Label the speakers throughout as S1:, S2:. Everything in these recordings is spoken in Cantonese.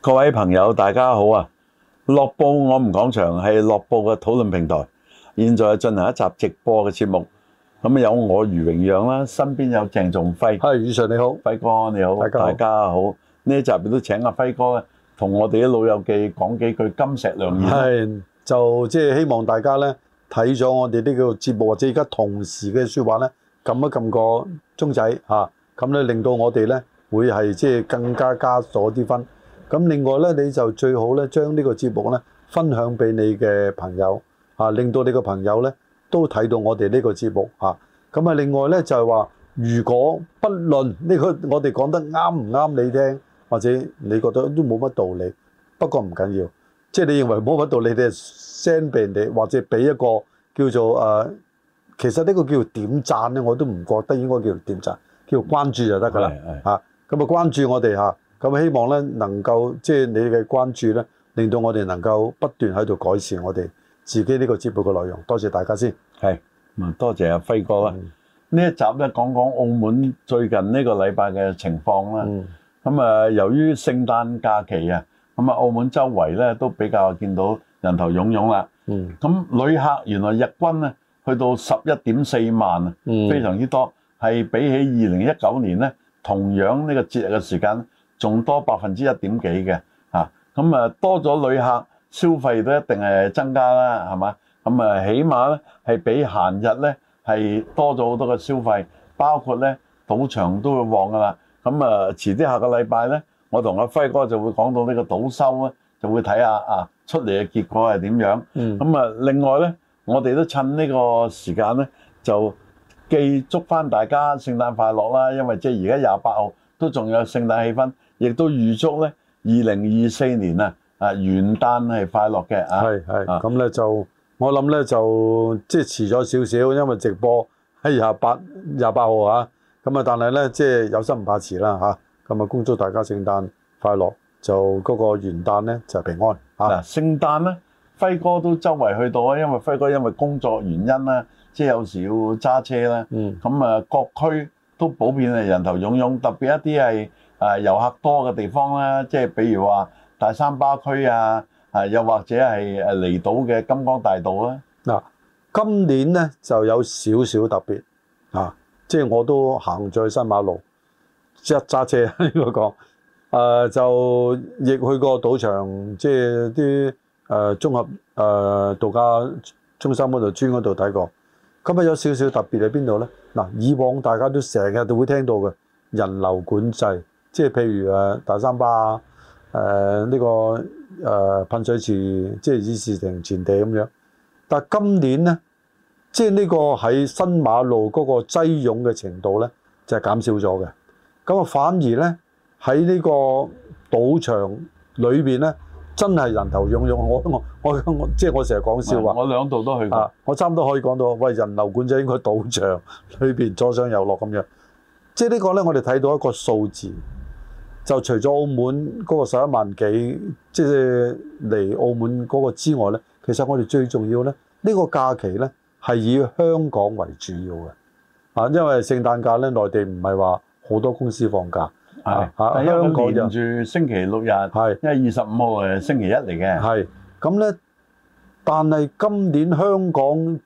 S1: 各位朋友，大家好啊！樂報我們講場係樂報嘅討論平台，現在進行一集直播嘅節目。咁有我余榮讓啦，身邊有鄭仲輝，係余 sir，你好，輝哥你好，大家好。呢一集都請阿輝哥同我哋啲老友記講
S2: 幾句金石良言。係就即係希望大家咧睇咗我哋呢個節目，或者而家同時嘅說話咧，撳一撳個鐘仔吓，咁咧令到我哋咧會係即係更加加咗啲分。咁另外咧，你就最好咧將呢個節目咧分享俾你嘅朋友嚇，令到你個朋友咧都睇到我哋呢個節目嚇。咁啊，另外咧就係話，如果不論呢個我哋講得啱唔啱你聽，或者你覺得都冇乜道理，不過唔緊要，即係你認為冇乜道理，你就 send 俾人哋，或者俾一個叫做誒，其實呢個叫做點讚咧，我都唔覺得應該叫點讚，叫關注就得㗎喇嚇。咁啊，關注我哋嚇。咁希望咧能夠即係、就是、你嘅關注咧，令到我哋能夠不斷喺度改善我哋自己呢個節目嘅內容。多謝大家先，係，多謝阿輝哥啦。呢、嗯、一集咧講講澳門最近呢個禮拜嘅
S1: 情況啦。咁啊、嗯，由於聖誕假期啊，咁啊，澳門周圍咧都比較見到人頭湧湧啦。咁、嗯、旅客原來日均咧去到十一點四萬啊，非常之多，係、嗯、比起二零一九年咧，同樣呢個節日嘅時間。仲多百分之一點幾嘅嚇，咁啊多咗旅客消費都一定係增加啦，係嘛？咁啊起碼咧係比閒日咧係多咗好多嘅消費，包括咧賭場都會旺㗎啦。咁啊遲啲下個禮拜咧，我同阿輝哥就會講到呢個賭收咧，就會睇下啊出嚟嘅結果係點樣。嗯。咁啊另外咧，我哋都趁呢個時間咧，就寄祝翻大家聖誕快樂啦，因為即係而家廿八號都仲有聖誕氣氛。亦都預祝咧，二零二四年啊，啊元
S2: 旦係快樂嘅啊是是，係係咁咧就，我諗咧就即係遲咗少少，因為直播喺廿八廿八號啊，咁啊但係咧即係有心唔怕遲啦嚇，咁啊恭祝大家聖誕快樂，就嗰、嗰個元旦咧就係、平安
S1: 嚇。啊、聖誕咧，輝哥都周圍去到啊，因為輝哥因為工作原因啦，即、就、係、係、有時要揸車啦。嗯，咁啊各區都普遍係人頭湧湧，特別一啲係。啊！遊客多嘅地方啦、啊，即係比如話大三巴區啊，
S2: 啊又或者係誒離島嘅金光大道啦、啊。嗱、啊，今年咧就有少少特別啊！即係我都行咗去新馬路，即刻揸車應該講，誒、啊、就亦去過賭場，即係啲誒綜合誒度假中心嗰度、村嗰度睇過。今日有少少特別喺邊度咧？嗱、啊，以往大家都成日都會聽到嘅人流管制。即係譬如誒大三巴誒呢、呃呢個誒、呃、噴水池，即係議事亭前地咁樣。但係今年咧，即係呢個喺新馬路嗰個擠擁嘅程度咧，就係、是、減少咗嘅。咁啊，反而咧喺呢個賭場裏邊咧，真係人頭涌涌。我我我，我即係我成日講笑話，我兩度都去過，啊、我差唔多可以講到喂人流管制應該賭場裏邊左上右落咁樣。即係呢個咧，我哋睇到一個數字。就除咗澳門嗰個十一萬幾，即係嚟澳門嗰個之外呢，其實我哋最重要呢，呢個假期呢，係以香港為主要嘅，啊，因為聖誕假呢，內地唔係話好多公司放假，是啊，一香港就星期六日，係是，因為二十五號係星期一嚟嘅，係，咁呢，但係今年香港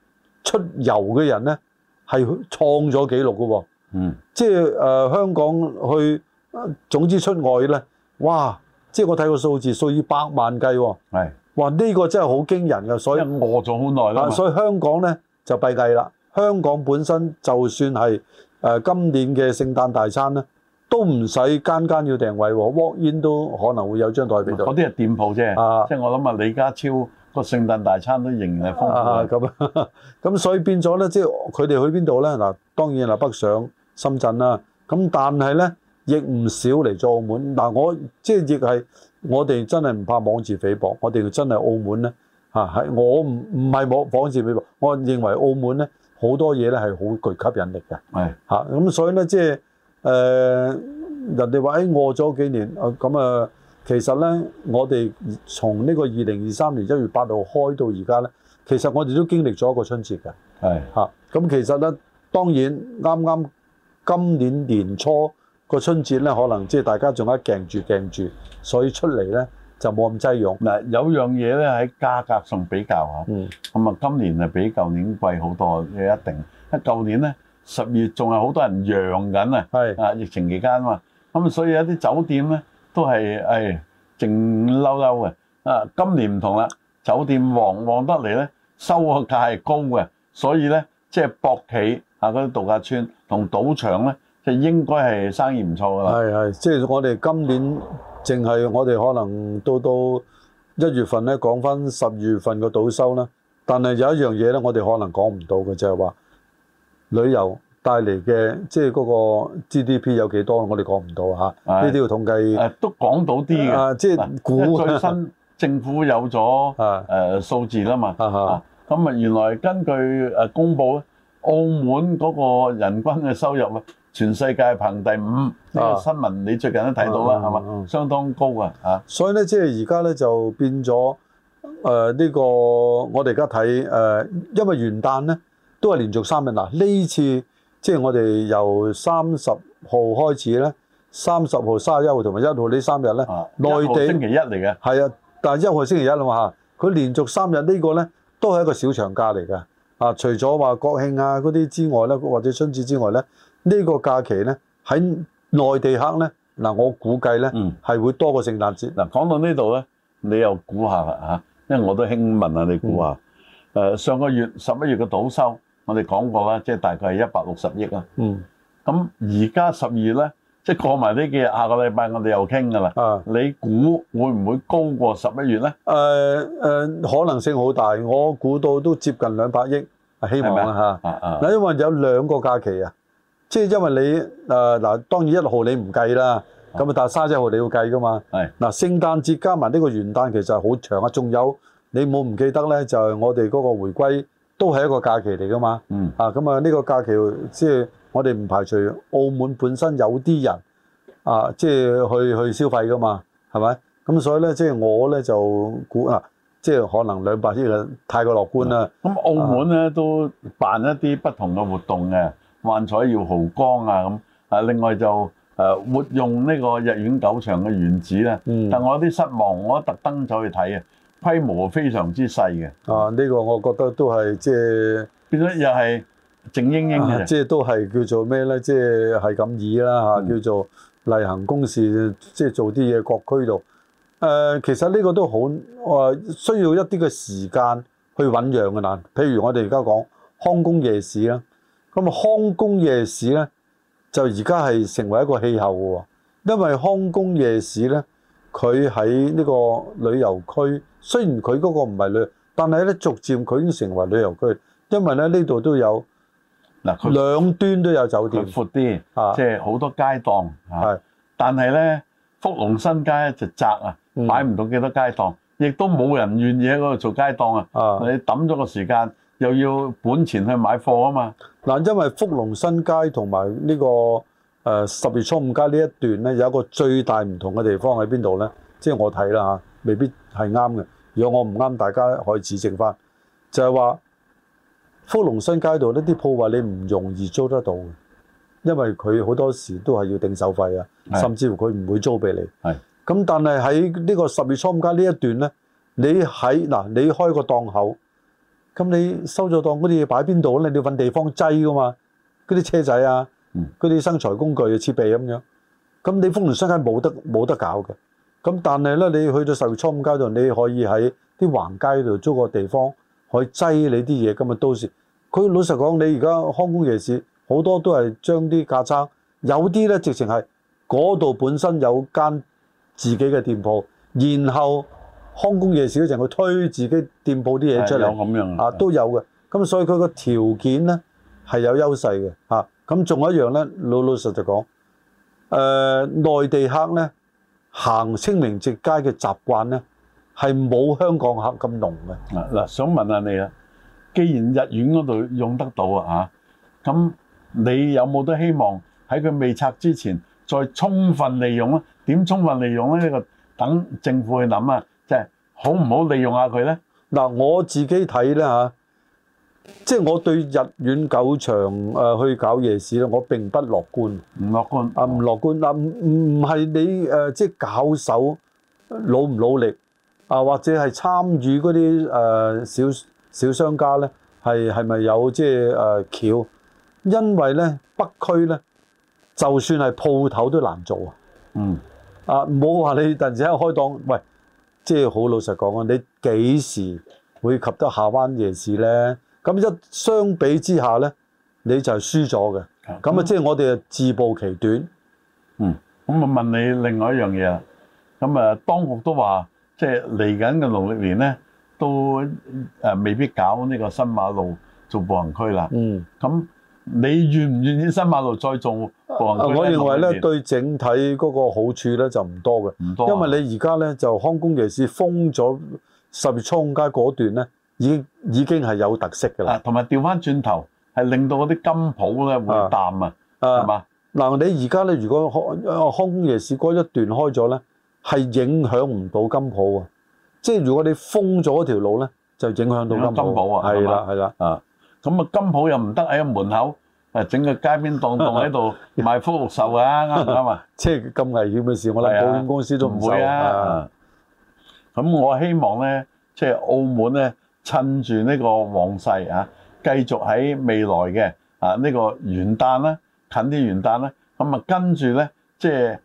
S2: 出遊嘅人呢，係創咗紀錄嘅喎、哦，嗯，即係、呃、香港去。總之出外咧，哇！即係我睇個數字，數以百萬計喎、哦。係，哇！呢、這個真係好驚人嘅，所以餓咗好耐啦。所以香港咧就弊計啦。香港本身就算係誒、呃、今年嘅聖誕大餐咧，都唔使間間要訂位喎、哦。Walk in 都可能會有張台俾到。嗰啲係店舖啫，即係我諗啊，李家超個聖誕大餐都仍然係豐富咁啊咁、啊啊啊，所以變咗咧，即係佢哋去邊度咧？嗱，當然啦，北上深圳啦、啊。咁但係咧。亦唔少嚟做澳門嗱、啊，我即係亦係我哋真係唔怕妄自菲薄，我哋真係澳門呢，我唔唔係冇妄自菲薄，我認為澳門呢好多嘢呢係好具吸引力嘅咁是的、啊，所以呢，即係、呃、人哋話喺餓咗幾年咁啊，啊，其實呢，我哋從呢個二零二三年一月八號開到而家呢，其實我哋都經歷咗一個春節㗎咁，其實呢，當然啱啱今年年初。個春節咧，可能即係大家仲係驚住驚住，所以出嚟咧就冇咁擠擁。嗱，有
S1: 樣嘢咧喺價格上比較嚇，咁啊今年係比舊年貴好多，呢一定。因為舊年咧十月仲有好多人揚緊啊，啊疫情期間啊嘛，咁啊所以有啲酒店咧都係誒靜嬲嬲嘅。啊，今年唔同啦，酒店旺旺得嚟咧，收嘅價係高嘅，所以咧即係博企啊嗰啲度假村同賭場咧。就應該係生意唔錯㗎喇。係
S2: 係，即係我哋今年淨係我哋可能都到到一月份咧，講翻十二月份嘅賭收啦。但係有一樣嘢咧，我哋可能講唔到嘅就係、是、話旅遊帶嚟嘅，即係嗰個 GDP 有幾多，我哋講唔到嚇。呢、啊、啲的要統計。誒、啊，都講到啲嘅。啊、即、就、係、是、估。啊、最新政府
S1: 有咗誒數字啦嘛。啊哈的。咁啊，啊原來根據誒公佈咧，澳門嗰個人均嘅收入啊。全世界排第五，呢個新
S2: 聞你最近都睇到啦，係嘛？相當高啊！嚇，所以咧，即係而家咧就變咗誒呢個，我哋而家睇誒，因為元旦咧都係連續三日嗱，呢次即係我哋由三十號開始咧，三十號、三十一號同埋一號呢三日咧，內地星期一嚟嘅，係啊，但係一號星期一啊嘛嚇，佢連續三日個呢個咧都係一個小長假嚟嘅啊，除咗話國慶啊嗰啲之外咧，或者春節之外咧。呢個假期咧喺內地客咧嗱，我估計咧係會多過聖誕節。嗱，講到呢度咧，你又估下
S1: 啦嚇，因為我都興問啊，你估下啊？誒，上個月十一月嘅賭收，我哋講過啦，即係大概係一百六十億啦。嗯。咁而家十二月咧，即係過埋呢幾日，下個禮拜我哋又傾噶啦。啊。你估會唔會高過十一月咧？誒
S2: 誒，可能性好大，我估到都接近兩百億，希望啦嚇。啊啊！嗱，因為有兩個假期啊。即係因為你誒嗱、呃，當然一號你唔計啦，咁啊但係三十一號你要計噶嘛。係嗱是，聖誕節加埋呢個元旦其實係好長啊，仲有你冇唔記得咧？就係、是、我哋嗰個回歸都係一個假期嚟噶嘛。嗯啊，咁啊呢個假期即係、就是、我哋唔排除澳門本身有啲人啊，即、就、係、是、去去消費噶嘛，係咪？咁所以咧，即、就、係、是、我咧就估啊，即、就、係、是、可能兩百億太過樂觀啦。咁、嗯、澳門咧、啊、都辦一啲
S1: 不同嘅活動嘅。，幻彩耀濠江啊咁啊！另外就誒活、啊、用呢個日院九場嘅原址咧，嗯、但我有啲失望，我特登再去睇啊，
S2: 規模非常之細嘅。啊，呢、呢個我覺得都係即係變咗又係靜英英，嘅、啊，即、就、係、是、都係叫做咩咧？即係係咁以啦叫做例行公事，即、就、係、是、做啲嘢各區度、呃。其實呢個都好需要一啲嘅時間去醞釀嘅嗱，譬如我哋而家講康公夜市啦、啊。咁啊，康公夜市咧，就而家係成為一個氣候嘅喎。因為康公夜市咧，佢喺呢個旅遊區，雖然佢嗰個唔係旅遊，但係咧逐漸佢已經成為旅遊區，因為咧呢度都有嗱，
S1: 它兩端都有酒店，佢闊啲，即係好多街檔。是是但係咧，福隆新街就窄啊，嗯、擺唔到幾多街檔，亦都冇人願意喺嗰度做街檔啊。啊是，你揼咗個時間。又要本錢去買貨啊
S2: 嘛！嗱，因為福隆新街同埋呢個誒十月初五街呢一段呢，有一個最大唔同嘅地方喺邊度呢？即係我睇啦，未必係啱嘅。如果我唔啱，大家可以指正翻。就係話福隆新街度呢啲鋪位你唔容易租得到嘅，因為佢好多時都係要定手費啊，甚至乎佢唔會租俾你。係。咁但係喺呢個十月初五街呢一段呢，你喺嗱，你開個檔口。咁你收咗檔嗰啲嘢擺邊度咧？你要揾地方擠噶嘛？嗰啲車仔啊，嗰啲生財工具設備咁樣。咁你風輪商街冇得冇得搞嘅。咁但係咧，你去到十月初五街度，你可以喺啲橫街度租個地方，可以擠你啲嘢。咁啊，到時佢老實講，你而家康公夜市好多都係將啲架撐，有啲咧直情係嗰度本身有間自己嘅店鋪，然後。康公夜市都成佢推自己店鋪啲嘢出嚟，有咁樣啊，都有嘅。咁所以佢個條件咧係有優勢嘅。咁、啊、仲有一樣咧，老老實實講，誒、呃、內地客咧行清明節街嘅習慣咧係冇香港客咁濃嘅。嗱、嗯，想問下你啦，既然日院嗰度用得到啊嚇，
S1: 咁你有冇都希望喺佢未拆之前再充分利用咧？點充分利用咧？呢個等政府去諗啊。好唔好利
S2: 用下佢咧？嗱，我自己睇咧吓，即係我對日院九場，誒、啊，去搞夜市咧，我並不樂觀。唔樂觀啊，唔樂觀嗱，唔、啊、唔係你誒、啊，即係搞手努唔努力啊，或者係參與嗰啲誒小小商家咧，係係咪有即係誒橋？因為咧北區咧，就算係鋪頭都難做、嗯、啊。嗯。啊，唔好話你突然之間開檔喂。即係好老實講啊，你幾時會及得下灣夜市咧？咁一相比之下咧，你就係輸咗嘅。咁啊，即係我哋自暴其短。
S1: 嗯。咁、嗯、啊、嗯，問你另外一樣嘢啦。咁、嗯、啊，當局都話，即係嚟緊嘅農曆年咧，都未必搞呢個新馬路做步行區啦。嗯。咁你願唔願意新馬路再做？我認為咧，對
S2: 整體嗰個好處咧就唔多嘅，唔多因為你而家咧就康公夜市封咗十月初五街嗰段咧，已經已經係有特色嘅啦。
S1: 同埋調翻轉頭，係令到嗰啲金鋪咧會淡啊，係
S2: 嘛、啊？嗱吧、啊，你而家咧，如果、啊、康公夜市嗰一段開咗咧，係影響唔到金鋪啊。即係如果你封咗條路咧，就影響到金響金鋪啊。係啦，係啦，啊，咁啊，金鋪又唔得
S1: 喺門口。誒整個街邊檔檔喺度賣福祿壽啊，啱唔啱啊？即係咁危險嘅事，我諗保險公司都唔會啊。咁我希望咧，即係澳門咧，趁住呢個旺勢啊，繼續喺未來嘅啊呢個元旦啦，近啲元旦啦，咁啊跟住咧，即係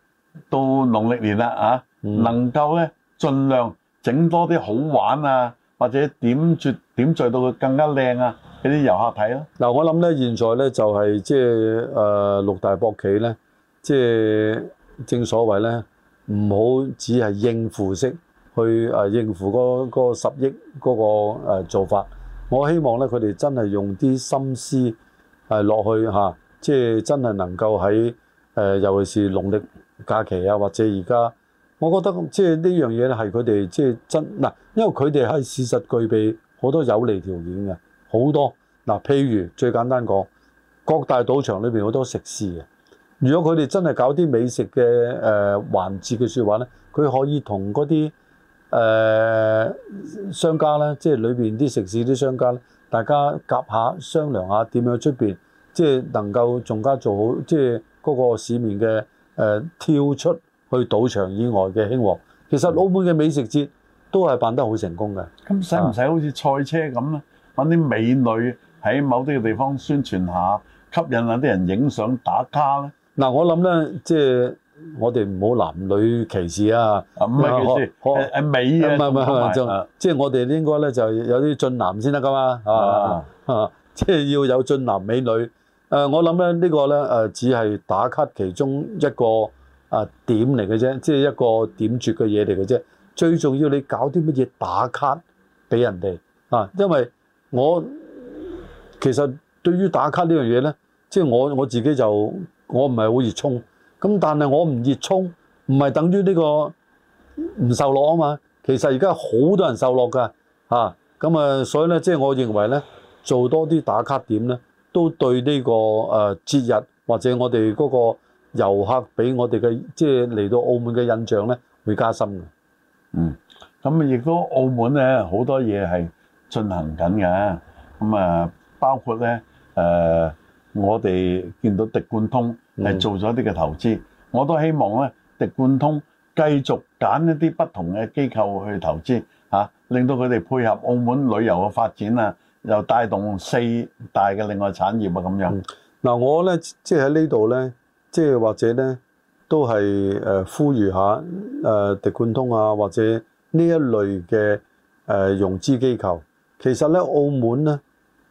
S1: 到農曆年啦啊，能夠咧盡量整多啲好玩啊，或者點綴點綴到佢更加靚啊！啲遊客睇咯。
S2: 嗱，我諗咧，現在咧就係即係誒六大博企咧，即係正所謂咧，唔好只係應付式去誒應付嗰嗰十億嗰個誒做法。我希望咧，佢哋真係用啲心思誒落去嚇，即係真係能夠喺誒，尤其是農曆假期啊，或者而家，我覺得即係呢樣嘢咧，係佢哋即係真嗱，因為佢哋係事實具備好多有利條件嘅，好多。嗱、啊，譬如最簡單講，各大賭場裏邊好多食肆嘅，如果佢哋真係搞啲美食嘅誒、呃、環節嘅説話咧，佢可以同嗰啲誒商家咧，即係裏邊啲食肆啲商家咧，大家夾下商量下點樣出邊，即係能夠仲加做好，即係嗰個市面嘅誒、呃、跳出去賭場以外嘅興旺。其實澳門嘅美食節都係辦得好成
S1: 功嘅。咁使唔使好似賽車咁咧？搵啲美女？喺某啲嘅地方宣傳下，吸引下啲人影相打卡咧。嗱，我諗咧，即係我
S2: 哋唔好男女歧視啊。唔係歧視，我啊美啊，唔係唔係即係我哋應該咧，就有啲俊男先得噶嘛。啊啊，即係要有俊男美女。誒，我諗咧呢個咧誒，只係打卡其中一個啊點嚟嘅啫，即係一個點綴嘅嘢嚟嘅啫。最重要你搞啲乜嘢打卡俾人哋啊？因為我。其實對於打卡呢樣嘢呢，即係我我自己就我唔係好熱衷，咁但係我唔熱衷，唔係等於呢個唔受落啊嘛。其實而家好多人受落噶嚇，咁啊，所以呢，即係我認為呢，做多啲打卡點呢，都對呢個誒節日或者我哋嗰個遊客俾我哋嘅即係嚟到澳門嘅印象呢，會加深嘅。嗯，
S1: 咁啊，亦都澳門呢，好多嘢係進行緊嘅，咁啊。包括咧，誒，我哋見到迪冠通係做咗啲嘅投資，我都希望咧，迪冠通繼續揀一啲不同嘅機構去投資嚇，令到佢哋配合澳門旅遊嘅發展啊，又帶動四大嘅另外產業
S2: 啊咁樣。嗱，我咧即係喺呢度咧，即係或者咧都係誒呼籲下誒迪冠通啊，或者呢一類嘅誒融資機構，其實咧澳門咧。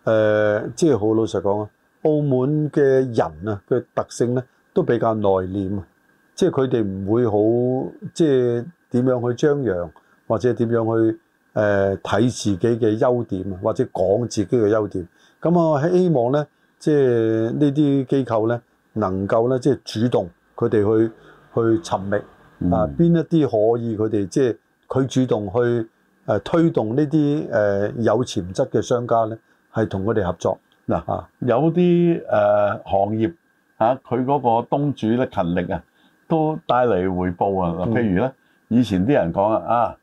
S2: 誒、呃，即係好老實講啊，澳門嘅人啊，嘅特性咧都比較內斂，即係佢哋唔會好即係點樣去張揚，或者點樣去誒睇、呃、自己嘅優點，或者講自己嘅優點。咁我希望咧，即係呢啲機構咧能夠咧，即係主動佢哋去去尋覓啊，邊、嗯、一啲可以佢哋即係佢主動去誒、呃、推動呢啲誒有潛質嘅商家咧。係同佢哋合作嗱嚇，啊、有
S1: 啲誒、呃、行業嚇，佢、啊、嗰個東主咧勤力啊，都帶嚟回報啊。嗱、嗯，譬如咧，以前啲人講啊，啊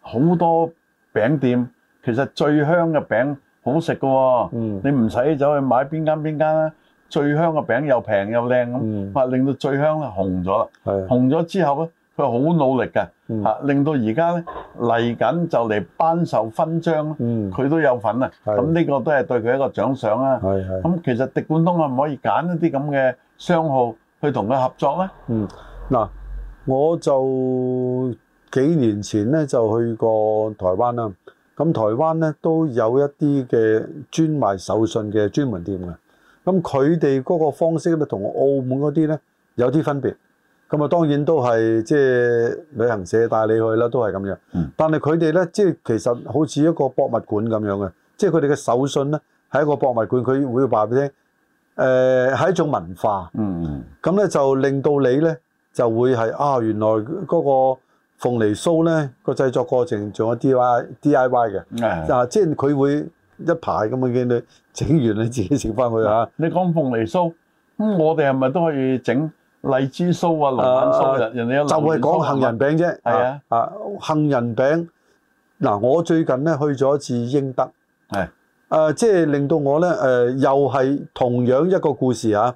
S1: 好多餅店，其實最香嘅餅好食㗎喎，嗯、你唔使走去買邊間邊間啦，最香嘅餅又平又靚咁，哇、嗯啊！令到最香紅咗啦，的紅咗之後咧。佢好努力嘅嚇、嗯啊，令到而家咧嚟緊就嚟頒授勛章，佢、嗯、都有份啊！咁呢是個都係對佢一個獎賞啊！咁其實迪冠東可唔可以揀一啲咁嘅商號去同佢合作咧？嗱、嗯，
S2: 我就幾年前咧就去過台灣啦。咁台灣咧都有一啲嘅專賣手信嘅專門店嘅。咁佢哋嗰個方式咧，同澳門嗰啲咧有啲分別。咁啊，當然都係即係旅行社帶你去啦，都係咁樣的。但係佢哋咧，即係其實好似一個博物館咁樣嘅，即係佢哋嘅手信咧係一個博物館，佢會話俾你聽，誒、呃、係一種文化。嗯嗯。咁咧就令到你咧就會係啊，原來嗰個鳳梨酥咧個製作過程仲有 D I D I Y 嘅。啊。嗱，即係佢會一排咁樣，你整完你自己整翻去嚇。
S1: 你講鳳梨酥，咁我哋係咪都可以整？荔枝酥啊，龍眼酥啊，人哋一就係講杏仁餅啫。係啊，
S2: 啊杏仁餅嗱，我最近咧去咗一次英德。係。誒，即係令到我咧誒，又係同樣一個故事啊。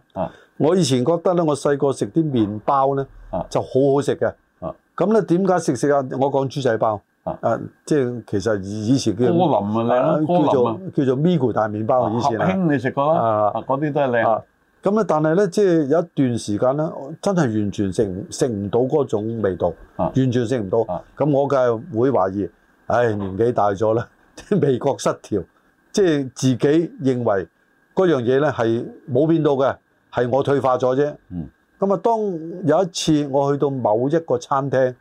S2: 我以前覺得咧，我細個食啲麵包咧，就好好食嘅。啊。咁咧點解食食啊？我講豬仔包。啊。誒，即係其實以前叫叫做叫做咪咕大麵包，以前。你食
S1: 過啦。啊。嗰
S2: 啲都係靚。咁咧，但係咧，即係有一段時間咧，真係完全食唔食唔到嗰種味道，啊、完全食唔到。咁、啊、我梗係會懷疑，唉，年紀大咗啦，味覺失調，即係自己認為嗰樣嘢咧係冇變到嘅，係我退化咗啫。咁啊、嗯，當有一次我去到某一個餐廳，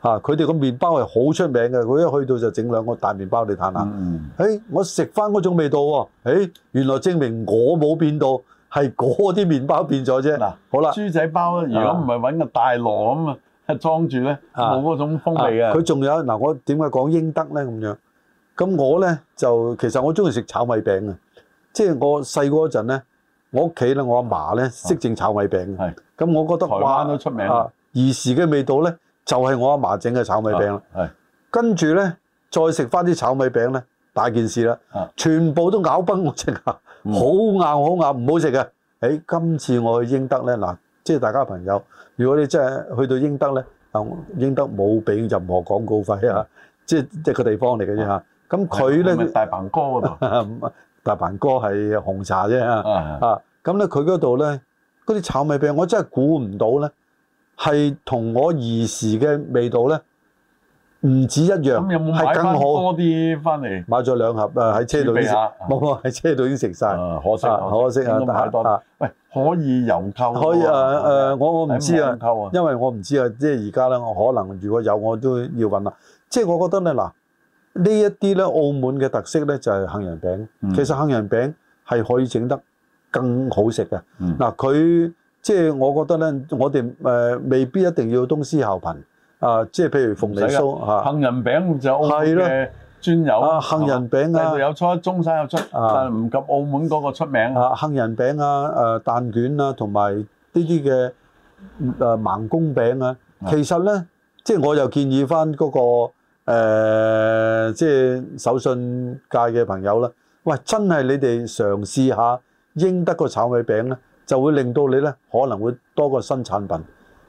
S2: 佢哋個麵包係好出名嘅，佢一去到就整兩個大麵包嚟攤下。誒、嗯欸、我食翻嗰種味道喎，誒、欸、原來證明我冇變到。係嗰啲麵包變咗啫，嗱、啊，好啦了，豬仔包，如果唔
S1: 係搵個大籮咁啊，裝住咧，冇嗰種風味嘅。佢
S2: 仲、啊啊、有嗱、啊，我點解講英德咧咁樣？咁我咧就其實我中意食炒米餅啊，即係我細個嗰陣咧，我屋企咧，我阿嫲咧識整炒米餅，咁我覺得台灣都出名啊。兒時嘅味道咧，就係、是、我阿嫲整嘅炒米餅啦。啊啊啊、跟住咧再食翻啲炒米餅咧，大件事啦，啊、全部都咬崩我隻牙。好硬好硬，唔好食嘅。誒，今次我去英德咧，嗱，即係大家朋友，如果你真係去到英德咧，英德冇俾任何廣告費啊，即係即係個地方嚟嘅啫嚇。咁佢咧，啊、大帆哥嗰度，大帆哥係紅茶啫啊，咁咧佢嗰度咧，嗰啲炒米餅，那那我真係估唔到咧，係同我兒時嘅味道咧。唔止一樣，係更好多
S1: 啲翻嚟。買咗兩盒啊，喺車度食。冇冇喺車度已經食晒。可惜，可惜啊！但係啊，喂，可以郵購？可以啊，誒，我我唔知啊，
S2: 因為我唔知啊，即係而家咧，我可能如果有我都要揾啊。即係我覺得咧，嗱，呢一啲咧，澳門嘅特色咧就係杏仁餅。其實杏仁餅係可以整得更好食嘅。嗱，佢即係我覺得咧，我哋誒未必一定要東施效顰。啊，即係譬如鳳梨酥嚇，杏
S1: 仁、啊、餅就澳門嘅
S2: 專有啊，杏仁餅啊，有出中山有出，但唔及澳門嗰個出名嚇。杏仁餅啊，誒蛋卷啊，同埋呢啲嘅誒盲公餅啊，啊其實咧，即、就、係、是、我又建議翻、那、嗰個即係、呃就是、手信界嘅朋友啦。喂，真係你哋嘗試下英德個炒米餅咧，就會令到你咧可能會多個新產品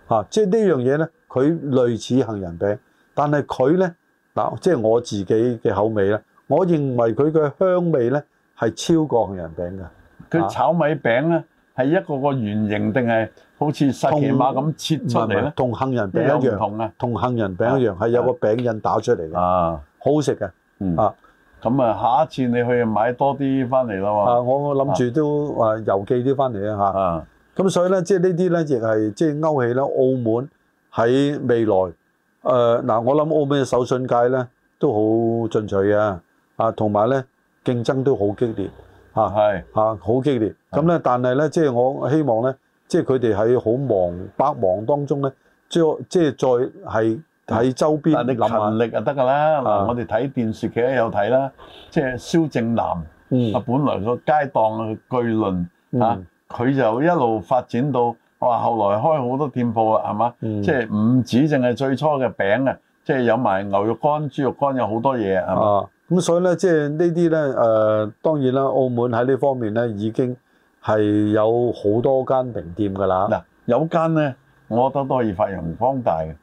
S2: 嚇、啊。即係呢樣嘢咧。佢類似杏仁餅，但係佢咧嗱，即係我自己嘅口味咧，我認為佢嘅香味咧係超過杏仁餅嘅。佢炒
S1: 米餅咧係一個個圓形定係好似細碼咁切出嚟咧？同
S2: 杏仁餅有唔同
S1: 啊？同杏仁餅一樣
S2: 係有個餅印打出嚟嘅。啊，好好食嘅。嗯
S1: 啊，咁啊，下一次你去買多啲翻嚟啦嘛。啊，我我諗住都話
S2: 郵寄啲翻嚟啊嚇。啊，咁所以咧，即係呢啲咧亦係即係勾起咗澳門。喺未來，誒嗱，我諗澳門嘅手信界咧都好進取嘅，啊，同埋咧競爭都好激烈，嚇，係好激烈。咁咧，但係咧，即係我希望咧，即係佢哋喺好忙百忙當中咧，將即係再係喺周邊勤
S1: 力啊得㗎啦。嗱，我哋睇電視劇有睇啦，即係蕭正楠，啊，本來個街檔嘅巨輪嚇，佢就一路發展到。話後來開好多店鋪啦，係嘛、嗯？即係唔止淨係最初嘅餅啊，即係有埋牛肉乾、豬肉乾，有好多嘢嘛？
S2: 咁、啊、所以咧，即係呢啲咧，誒、呃、當然啦，澳門喺呢方面咧已經係有好多間平店㗎啦。嗱、啊，有間咧，我覺得都可以發揚
S1: 光大嘅，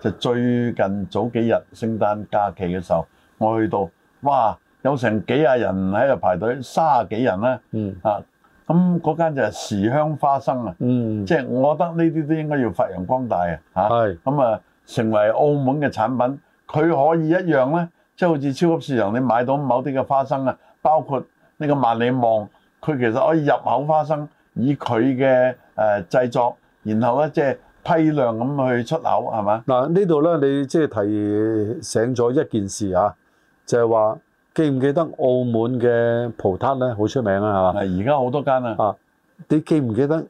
S1: 就是，最近早幾日聖誕假期嘅時候，我去到，哇，有成幾廿人喺度排隊，三十幾人呢、啊。嗯。咁嗰間就係時香花生啊，嗯，即係我覺得呢啲都應該要發揚光大啊，嚇，係，咁啊成為澳門嘅產品，佢可以一樣咧，即係好似超級市場你買到某啲嘅花生啊，包括呢個萬里望，佢其實可以入口花生，以佢嘅誒製作，然後咧即係批量咁去
S2: 出口，係嘛？嗱，呢度咧你即係提醒咗一件事啊，就係話。記唔記得澳門嘅葡撻咧，好出名啊，係嘛？係而家好多間啊！啊，你記唔記得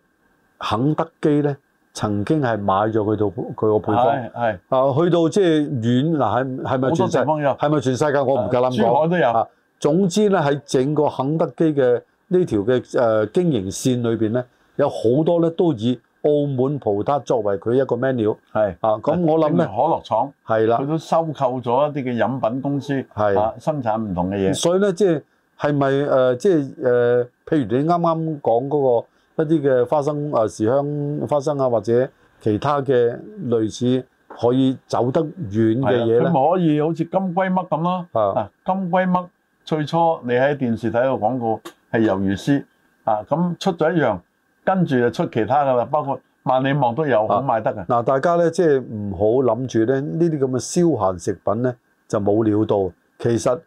S2: 肯德基咧？曾經係買咗佢套佢個配方，係、哎哎、啊，去到即係遠嗱係咪？好多地方有，係咪全世界我唔夠膽講。珠海都有。啊、總之咧，喺整個肯德基嘅、呃、呢條嘅誒經營線裏邊咧，有好多咧都以，澳門葡撻作為佢一個 menu，係的啊，咁我諗咧可樂廠係啦，佢的都收購咗一啲嘅飲品公司，係的、啊、生產唔同嘅嘢。所以咧，即係係咪誒？即係誒？譬如你啱啱講嗰個一啲嘅花生啊、時香花生啊，或者其他嘅類似可以走得遠嘅嘢咧，可
S1: 以好似金龜嘜咁咯。的啊，金龜嘜？最初你喺電視睇個廣告係魷魚絲啊，咁出咗一樣。跟住就出其他嘅啦，包括萬里望都有好、啊、賣得嘅。
S2: 嗱、啊，大家咧即係唔好諗住咧呢啲咁嘅消閒食品咧就冇料到，其實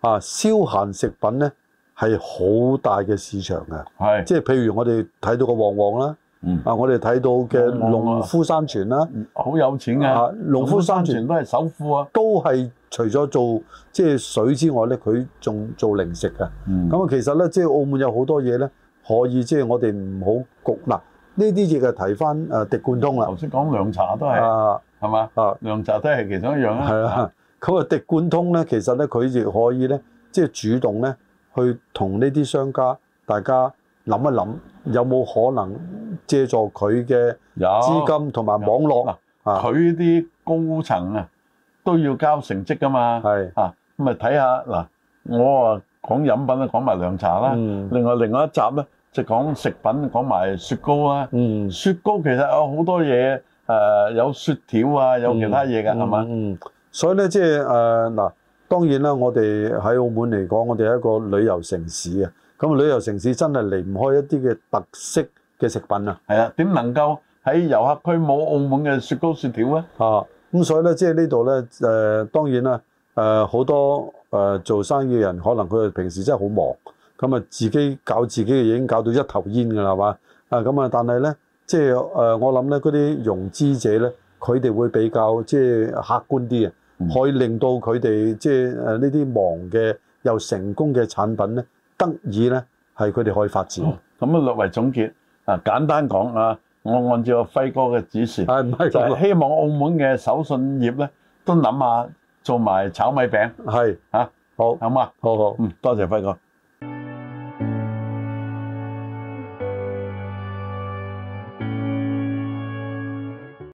S2: 啊消閒食品咧係好大嘅市場嘅。係、即係譬如我哋睇到個旺旺啦，嗯、啊我哋睇到嘅農夫山泉啦、嗯嗯嗯，好有錢嘅，啊、農夫山泉都係首富啊。啊都係除咗做即係、就是、水之外咧，佢仲做零食嘅。咁、嗯、啊，其實咧即係澳門有好多嘢咧。可以即係、就是、我哋唔好焗嗱，呢啲亦係提翻誒滴灌通啦。頭先講涼茶都係啊，係
S1: 嘛吧啊，涼茶都係其中一樣啦。係啊，
S2: 咁啊滴灌通咧，其實咧佢亦可以咧，即、就、係、是、主動咧去同呢啲商家大家諗一諗，有冇可能借助佢嘅資金同埋網絡，
S1: 佢啲、啊、的高層啊都要交成績噶嘛？係的啊，咁咪睇下嗱，我啊～、嗯講飲品啦，講埋涼茶啦。另外、嗯、另外一集咧，就講食品，講埋雪糕啦。嗯、雪糕其實有好多嘢，誒、呃、有雪條啊，有其他嘢嘅係嘛？
S2: 所以咧、就是，即係誒嗱，當然啦，我哋喺澳門嚟講，我哋係一個旅遊城市啊。咁旅遊城市真係離唔開一啲嘅特色嘅食品啊。係啊，點能夠喺遊客區冇澳門嘅雪糕雪條咧？啊，咁所以咧，即、就、係、是、呢度咧，誒、呃、當然啦。誒好、呃、多誒、呃、做生意嘅人，可能佢哋平時真係好忙，咁啊自己搞自己嘅已經搞到一頭煙㗎啦，係嘛？啊咁啊，但係咧，即係誒、呃、我諗咧嗰啲融資者咧，佢哋會比較即係客觀啲、嗯、可以令到佢哋即係呢啲忙嘅又成功嘅產品咧，得以咧係佢哋可以發展。咁
S1: 啊、哦，略為總結啊，簡單講啊，我按照輝哥嘅指示，係唔係？就希望澳門嘅手信業咧都諗下。做埋炒米餅，係嚇是，啊、好，好嘛嗎，好好，嗯，多謝輝哥。